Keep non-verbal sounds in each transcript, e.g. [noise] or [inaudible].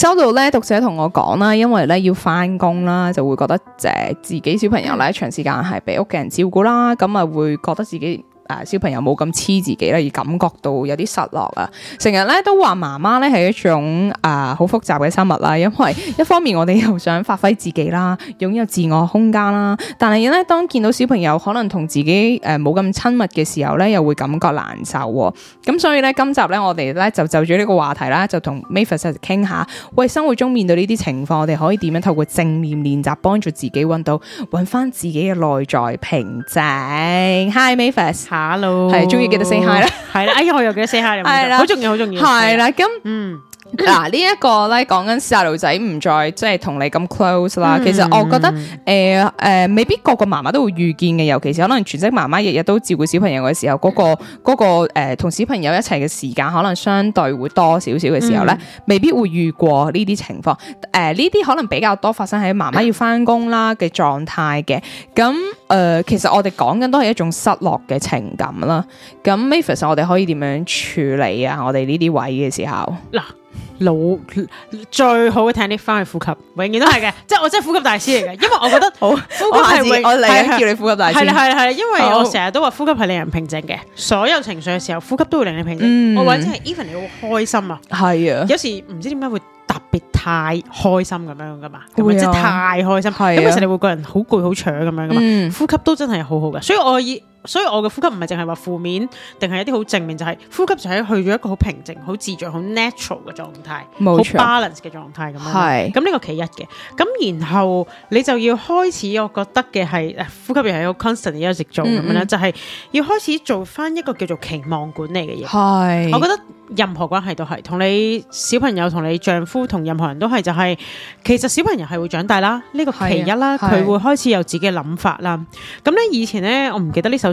收到呢，讀者同我講啦，因為呢要返工啦，就會覺得自己小朋友呢長時間係被屋企人照顧啦，咁啊會覺得自己，啊、呃！小朋友冇咁黐自己啦，而感覺到有啲失落啊！成日咧都話媽媽咧係一種啊好、呃、複雜嘅生物啦，因為一方面我哋又想發揮自己啦，擁有自我空間啦，但係咧當見到小朋友可能同自己誒冇咁親密嘅時候咧，又會感覺難受，喔。咁所以咧，今集咧我哋咧就就住呢個話題啦，就同 Mavis 傾下，喂生活中面對呢啲情況，我哋可以點樣透過正念練習幫助自己揾到揾翻自己嘅內在平靜？Hi Mavis hello，係中意記得 say hi 啦，係啦，哎呀我又記得 say hi 係啦，好重要好重要，係啦咁，嗯。嗱，呢、啊、一個咧，講緊細路仔唔再即係同你咁 close 啦。嗯、其實我覺得誒誒、呃呃呃，未必個個媽媽都會遇見嘅。尤其是可能全職媽媽日日都照顧小朋友嘅時候，嗰、那個個誒同小朋友一齊嘅時間可能相對會多少少嘅時候咧，嗯、未必會遇過呢啲情況。誒呢啲可能比較多發生喺媽媽要翻工啦嘅狀態嘅。咁誒、嗯呃，其實我哋講緊都係一種失落嘅情感啦。咁 Mavis，我哋可以點樣處理啊？我哋呢啲位嘅時候嗱。啊老最好嘅 technique 翻去呼吸，永遠都係嘅。 [laughs] 即係我真係呼吸大師嚟嘅，因為我覺得好呼吸係會叫你呼吸大師。係啦係啦係，因為我成日都話呼吸係令人平靜嘅。所有情緒嘅時候，呼吸都會令你平靜。我、嗯、或者係 even 你好開心啊，係啊、嗯，有時唔知點解會特別太開心咁樣噶嘛，會真係太開心。啊、因為成日會個人好攰好搶咁樣噶嘛，嗯、呼吸都真係好好嘅，所以我以。所以我嘅呼吸唔係淨係話負面，定係一啲好正面，就係、是、呼吸就係去咗一個好平靜、好自在、好 natural 嘅狀態，好 balance 嘅狀態咁。係咁呢個其一嘅。咁然後你就要開始，我覺得嘅係呼吸又係一個 constant，你一直做咁樣咧，嗯嗯就係要開始做翻一個叫做期望管理嘅嘢。係是，我覺得任何關係都係同你小朋友、同你丈夫、同任何人都係，就係、是、其實小朋友係會長大啦，呢、這個其一啦，佢會開始有自己嘅諗法啦。咁咧以前咧，我唔記得呢首。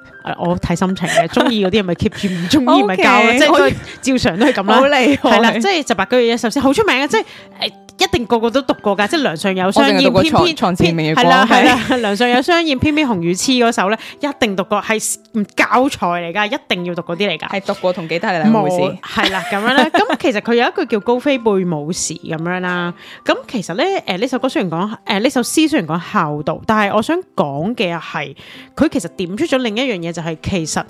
我睇心情嘅，中意嗰啲咪 keep 住，唔中意咪交，即係照常都係咁啦。好厲害。係啦，即係十八九月一首先好出名啊，即係。一定個個都讀過噶，即係梁上有雙燕，偏偏係啦係啦。梁上有雙燕，偏偏雄與雌嗰首咧，一定讀過係教材嚟噶，一定要讀嗰啲嚟噶。係讀過同記得係兩回事。係啦，咁樣咧。咁其實佢有一句叫高飛背母時咁樣啦。咁其實咧，誒呢首歌雖然講，誒呢首詩雖然講孝道，但係我想講嘅係佢其實點出咗另一樣嘢，就係其實。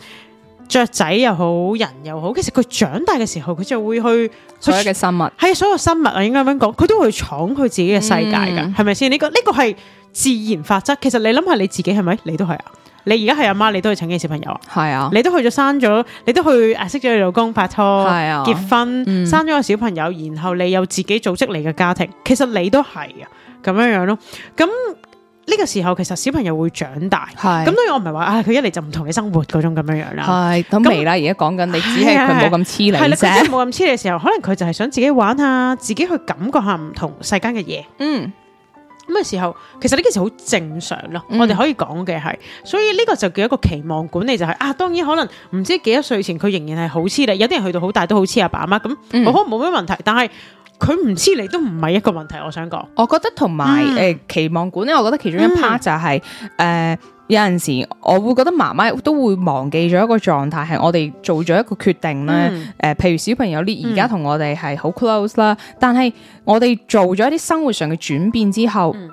雀仔又好，人又好，其實佢長大嘅時候，佢就會去，去所有嘅生物，係所有生物啊，應該咁樣講，佢都會闖佢自己嘅世界噶，係咪先？呢、這個呢、這個係自然法則。其實你諗下你自己係咪？你都係啊！你而家係阿媽，你都係請嘅小朋友啊，係啊你，你都去咗生咗，你都去啊識咗老公拍拖，係啊，結婚、啊嗯、生咗個小朋友，然後你又自己組織你嘅家庭，其實你都係啊，咁樣樣咯，咁。呢個時候其實小朋友會長大，咁所以我唔係話，唉、哎，佢一嚟就唔同你生活嗰種咁樣樣啦。係，都未啦，而家講緊你，只係佢冇咁黐你啫。佢冇咁黐你嘅時候，可能佢就係想自己玩下，自己去感覺下唔同世間嘅嘢。嗯，咁嘅時候，其實呢件事好正常咯。我哋可以講嘅係，嗯、所以呢個就叫一個期望管理，就係、是、啊，當然可能唔知幾多歲前佢仍然係好黐你，有啲人去到好大都好黐阿爸阿媽，咁我可能冇咩問題，但係。但佢唔知你都唔係一個問題，我想講。我覺得同埋誒期望管咧，我覺得其中一 part 就係、是、誒、嗯呃、有陣時我會覺得媽媽都會忘記咗一個狀態，係我哋做咗一個決定咧。誒、嗯，譬、呃、如小朋友咧而家同我哋係好 close 啦，嗯、但係我哋做咗一啲生活上嘅轉變之後。嗯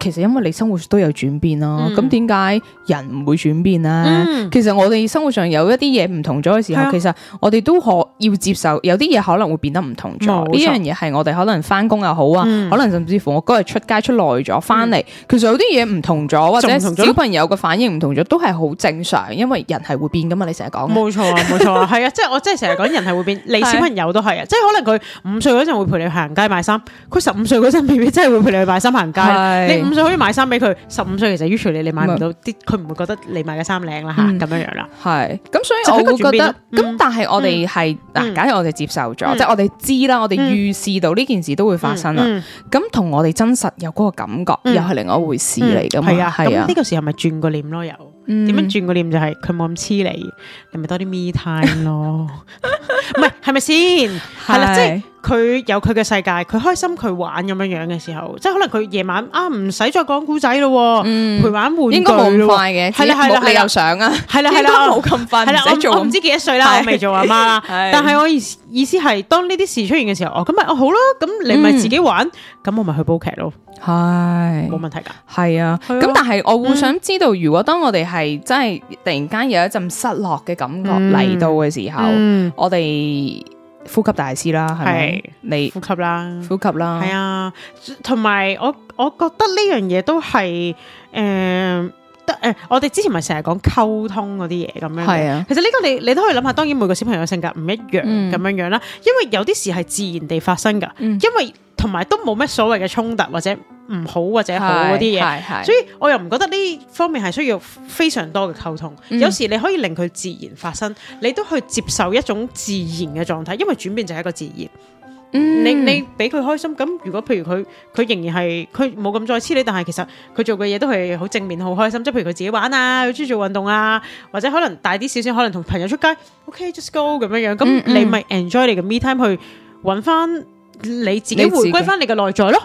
其實因為你生活都有轉變咯，咁點解人唔會轉變咧？其實我哋生活上有一啲嘢唔同咗嘅時候，其實我哋都可要接受，有啲嘢可能會變得唔同咗。呢樣嘢係我哋可能翻工又好啊，可能甚至乎我嗰日出街出耐咗翻嚟，其實有啲嘢唔同咗，或者小朋友個反應唔同咗，都係好正常，因為人係會變噶嘛。你成日講，冇錯啊，冇錯啊，係啊，即係我即係成日講人係會變，你小朋友都係啊，即係可能佢五歲嗰陣會陪你行街買衫，佢十五歲嗰陣未必真係會陪你去買衫行街。五歲可以買衫俾佢，十五歲其實 usually 你買唔到啲，佢唔會覺得你買嘅衫靚啦吓，咁樣樣啦。係，咁所以我會覺得，咁但係我哋係嗱，假如我哋接受咗，即係我哋知啦，我哋預視到呢件事都會發生啦。咁同我哋真實有嗰個感覺，又係另外一回事嚟噶嘛。係啊，咁呢個時候咪轉個念咯，又點樣轉個念就係佢冇咁黐你，你咪多啲 me time 咯。唔係，係咪先？係啦，即係。佢有佢嘅世界，佢開心佢玩咁樣樣嘅時候，即係可能佢夜晚啊，唔使再講古仔咯，陪玩玩具咯，應該冇咁快嘅。係啦係啦，你有想啊？係啦係啦，冇咁瞓。係啦，我我唔知幾多歲啦，我未做阿媽啦。但係我意意思係，當呢啲事出現嘅時候，我咁咪，我好咯，咁你咪自己玩，咁我咪去煲劇咯。係，冇問題噶。係啊，咁但係我會想知道，如果當我哋係真係突然間有一陣失落嘅感覺嚟到嘅時候，我哋。呼吸大師啦，係咪？係你呼吸啦，呼吸啦，係啊。同埋我，我覺得呢樣嘢都係誒，得、呃、誒、呃，我哋之前咪成日講溝通嗰啲嘢咁樣。係是啊，其實呢個你你都可以諗下。當然每個小朋友性格唔一樣咁，嗯、樣樣啦，因為有啲事係自然地發生噶，嗯、因為。同埋都冇咩所謂嘅衝突或者唔好或者好嗰啲嘢，所以我又唔覺得呢方面係需要非常多嘅溝通。嗯、有時你可以令佢自然發生，你都去接受一種自然嘅狀態，因為轉變就係一個自然。嗯、你你俾佢開心，咁如果譬如佢佢仍然係佢冇咁再黐你，但係其實佢做嘅嘢都係好正面、好開心。即係譬如佢自己玩啊，佢中意做運動啊，或者可能大啲少少，可能同朋友出街。OK，just、okay, go 咁樣樣，咁你咪 enjoy、嗯、你嘅 me time 去搵翻。你自己回歸返你嘅內在咯。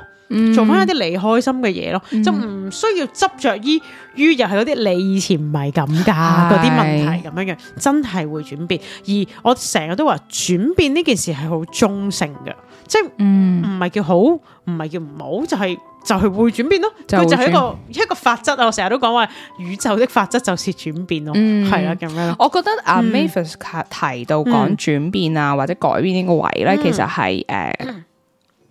做翻一啲你開心嘅嘢咯，就唔需要執着於於又係嗰啲你以前唔係咁噶嗰啲問題咁樣嘅。真係會轉變。而我成日都話轉變呢件事係好中性嘅，即係唔唔係叫好，唔係叫唔好，就係就係會轉變咯。佢就係一個一個法則啊！我成日都講話宇宙的法則就是轉變咯，係啦咁樣。我覺得阿 Mavis 提到講轉變啊或者改變呢個位咧，其實係誒。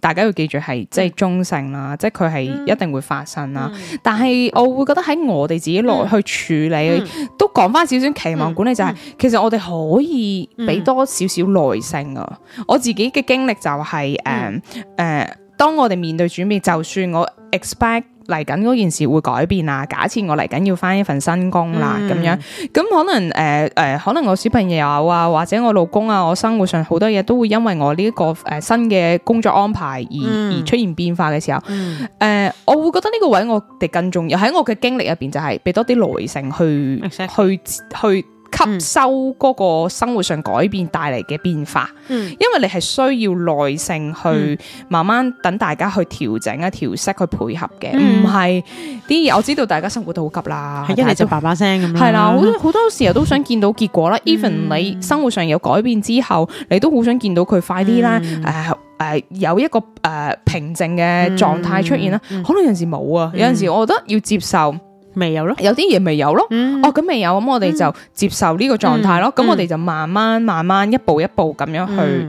大家要記住係即係中性啦，嗯、即係佢係一定會發生啦。嗯、但係我會覺得喺我哋自己落去處理，嗯、都講翻少少期望管理就係、是，嗯嗯、其實我哋可以俾多少少耐性啊。我自己嘅經歷就係誒誒，當我哋面對轉變，就算我 expect。嚟緊嗰件事會改變啊！假設我嚟緊要翻一份新工啦，咁、嗯、樣咁可能誒誒、呃呃，可能我小朋友啊，或者我老公啊，我生活上好多嘢都會因為我呢、這、一個誒、呃、新嘅工作安排而、嗯、而出現變化嘅時候，誒、嗯呃，我會覺得呢個位我哋更重要喺我嘅經歷入邊，就係俾多啲耐性去去 Exactly. 去。去去吸收嗰個生活上改變帶嚟嘅變化，嗯、因為你係需要耐性去慢慢等大家去調整、去調息、去配合嘅。唔係啲，我知道大家生活都好急啦，係一嚟就爸叭聲咁。係啦，好多好多時候都想見到結果啦。even、嗯、你生活上有改變之後，你都好想見到佢快啲啦。誒誒、嗯呃呃呃，有一個誒、呃、平靜嘅狀態出現啦。嗯嗯嗯、可能有陣時冇啊，有陣時我覺得要接受。嗯嗯未有咯，有啲嘢未有咯。嗯、哦，咁未有，咁我哋就接受呢個狀態咯。咁、嗯嗯、我哋就慢慢、慢慢、一步一步咁樣去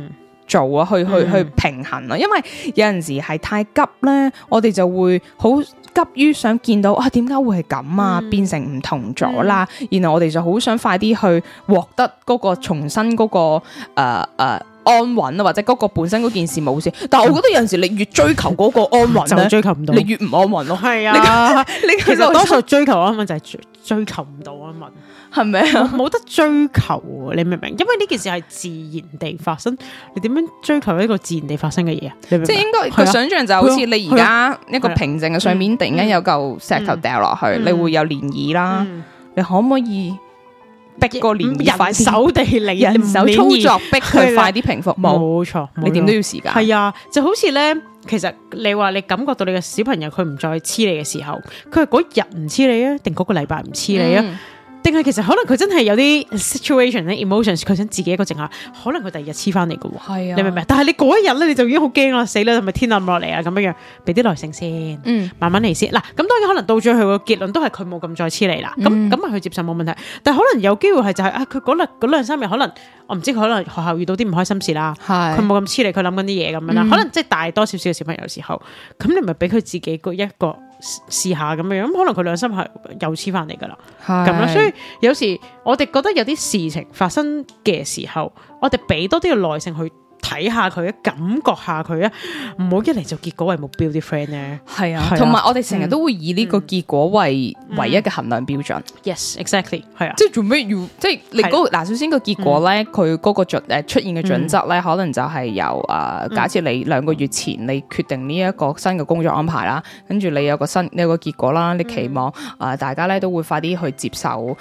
做啊、嗯，去去去平衡啊。因為有陣時係太急咧，我哋就會好急於想見到啊，點解會係咁啊？嗯、變成唔同咗啦，嗯、然後我哋就好想快啲去獲得嗰個重新嗰、嗰個誒誒。呃呃安穩啊，或者嗰個本身嗰件事冇事，但係我覺得有陣時你越追求嗰個安穩， [laughs] 就追求唔到，你越唔安穩咯。係啊， [laughs] 你其實多數追求安穩就係追，追求唔到安穩，係咪啊？冇得追求啊，你明唔明？因為呢件事係自然地發生，你點樣追求一個自然地發生嘅嘢啊？即係應該個想象，就好似你而家一個平靜嘅上面，啊，突然間有嚿石頭掉落去，嗯嗯、你會有漣漪啦。嗯、你可唔可以？逼個年，人手地利，人手操作，逼佢快啲平復。冇錯的，錯你點都要時間。係啊錯，就好似咧，其實你話你感覺到你嘅小朋友佢唔再黐你嘅時候，佢係嗰日唔黐你啊，定嗰個禮拜唔黐你啊？嗯定係其實可能佢真係有啲 situation 咧 emotions，佢想自己一個靜下，可能佢第二日黐翻嚟噶，係是啊，你明唔明？但係你嗰一日咧，你就已經好驚啦，死啦，係咪天暗落嚟啊？咁樣樣，俾啲耐性先，嗯、慢慢嚟先。嗱，咁當然可能到最後個結論都係佢冇咁再黐你啦，咁咁咪佢接受冇問題。但係可能有機會係就係、是、啊，佢嗰兩嗰兩三日可能我唔知佢可能學校遇到啲唔開心事啦，佢冇咁黐你，佢諗緊啲嘢咁樣啦，嗯、可能即係大多少少小朋友有時候，咁你咪俾佢自己一個。試下咁樣，咁可能佢兩心係又黐翻嚟噶啦，咁樣是，所以有時我哋覺得有啲事情發生嘅時候，我哋俾多啲嘅耐性去。睇下佢嘅感覺下佢啊，唔好一嚟就結果為目標啲 friend 咧。係啊，同埋我哋成日都會以呢個結果為唯一嘅衡量標準。Yes, exactly。係啊，即係做咩要即係你嗰嗱？首先個結果咧，佢個個準誒出現嘅準則咧，可能就係由誒假設你兩個月前你決定呢一個新嘅工作安排啦，跟住你有個新呢個結果啦，你期望啊，大家咧都會快啲去接受誒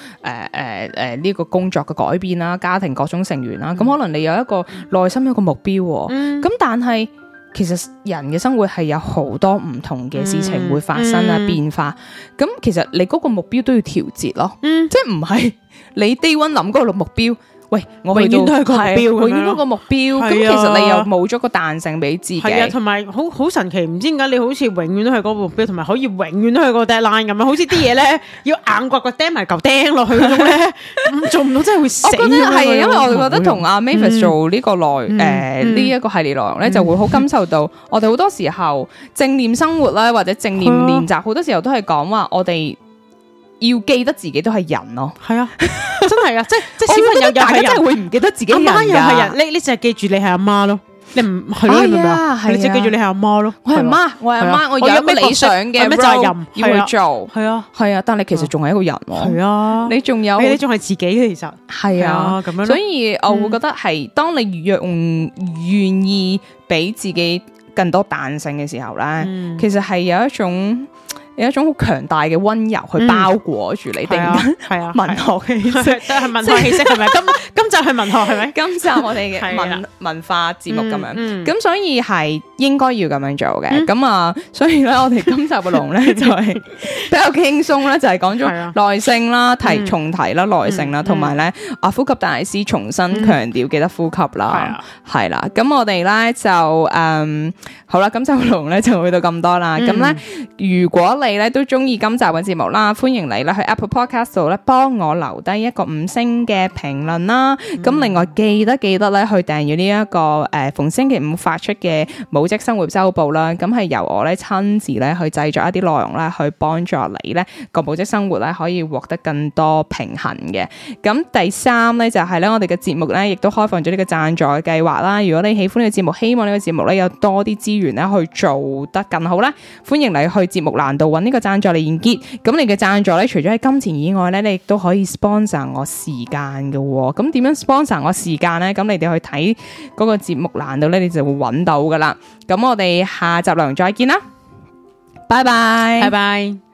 誒誒呢個工作嘅改變啦，家庭各種成員啦，咁可能你有一個內心有個。目標，咁但係其實人嘅生活係有好多唔同嘅事情會發生啊、嗯嗯、變化，咁其實你嗰個目標都要調節咯，嗯，即係唔係你 day one 諗嗰個目標。喂，我永遠都係個目標，永遠嗰個目標。咁其實你又冇咗個彈性俾自己。係啊，同埋好好神奇，唔知點解你好似永遠都係嗰個目標，同埋可以永遠都係嗰個 deadline 咁樣。好似啲嘢咧，要硬掘掘掟埋嚿釘落去嗰種咧，做唔到真係會死。我覺得係，因為我覺得同阿 Mavis 做呢個內誒呢一個系列內容咧，就會好感受到，我哋好多時候正念生活啦，或者正念練習，好多時候都係講話我哋。要記得自己都係人咯。係啊，真係啊，即係即係小朋友，大家真係會唔記得自己係人，你呢呢，淨係記住你係阿媽咯，你唔，你明唔明啊？你只記住你係阿媽咯。我係媽，我係阿媽，我有咩理想嘅，咩責任要去做？係啊，係啊，但你其實仲係一個人喎。係啊，你仲有，你仲係自己其實係啊，咁樣。所以我會覺得係，當你若願意俾自己更多彈性嘅時候咧，其實係有一種。有一種好強大嘅溫柔去包裹住你的，嗯，定文學氣息，但係文學氣息係咪？就係文學係咪？今集我哋嘅文文化節目咁樣，咁所以係應該要咁樣做嘅。咁啊，所以咧，我哋今集嘅龍咧就係比較輕鬆啦，就係講咗耐性啦、提重提啦、耐性啦，同埋咧啊呼吸大師重新強調，記得呼吸啦，係啦。咁我哋咧就誒好啦，今集嘅龍咧就去到咁多啦。咁咧，如果你咧都中意今集嘅節目啦，歡迎你啦去 Apple Podcast 度咧幫我留低一個五星嘅評論啦。咁、嗯、另外記得記得咧，去訂閱呢一個誒、呃、逢星期五發出嘅母職生活周報啦。咁係由我咧親自咧去製作一啲內容啦，去幫助你咧個母職生活咧可以獲得更多平衡嘅。咁、嗯、第三咧就係、是、咧我哋嘅節目咧亦都開放咗呢個贊助嘅計劃啦。如果你喜歡呢個節目，希望個節呢個節目咧有多啲資源咧去做得更好咧，歡迎你去節目欄度揾呢個贊助嚟連結。咁你嘅贊助咧除咗喺金錢以外咧，你亦都可以 sponsor 我時間嘅、哦。咁點樣？sponsor 我時間咧，咁你哋去睇嗰個節目欄度咧，你就會揾到㗎喇。咁我哋下集梁再見啦，拜拜，拜拜。